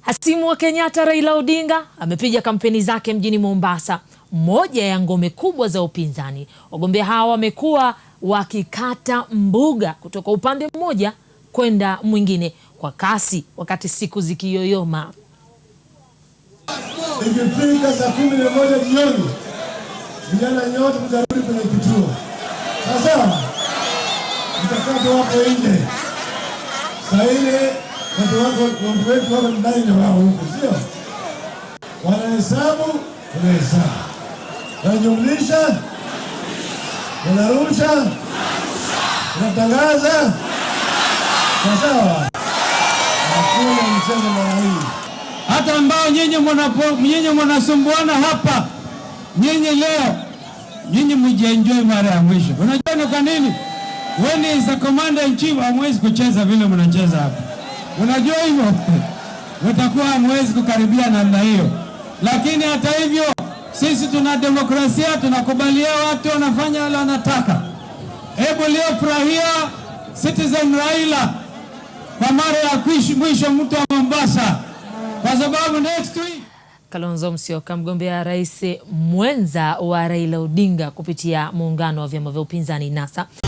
Hasimu wa Kenyatta Raila Odinga amepiga kampeni zake mjini Mombasa, moja ya ngome kubwa za upinzani. Wagombea hawa wamekuwa wakikata mbuga kutoka upande mmoja kwenda mwingine kwa kasi, wakati siku zikiyoyoma. Ikifika saa kumi na moja jioni, vijana nyote mtarudi kwenye kituo. Sasa mtakato nje saa ile wako watu wetu wako ndani na wao huko, sio wanahesabu, wanahesabu, wanajumlisha, wanarusha, wanatangaza. Sawa, hakuna mchezo mara hii. Hata ambao nyinyi mwanasumbuana hapa, nyinyi leo, nyinyi mjienjoy mara ya mwisho. Unajua ni kwa nini? When is the commander in chief, hamwezi kucheza vile mnacheza hapa. Unajua hivyo mtakuwa hamwezi kukaribia namna hiyo, lakini hata hivyo sisi tuna demokrasia, tunakubalia watu wanafanya wale wanataka. Hebu leo furahia Citizen Raila kwa mara ya mwisho, mtu wa Mombasa, kwa sababu next week Kalonzo Musyoka mgombea rais mwenza wa Raila Odinga kupitia muungano wa vyama vya upinzani NASA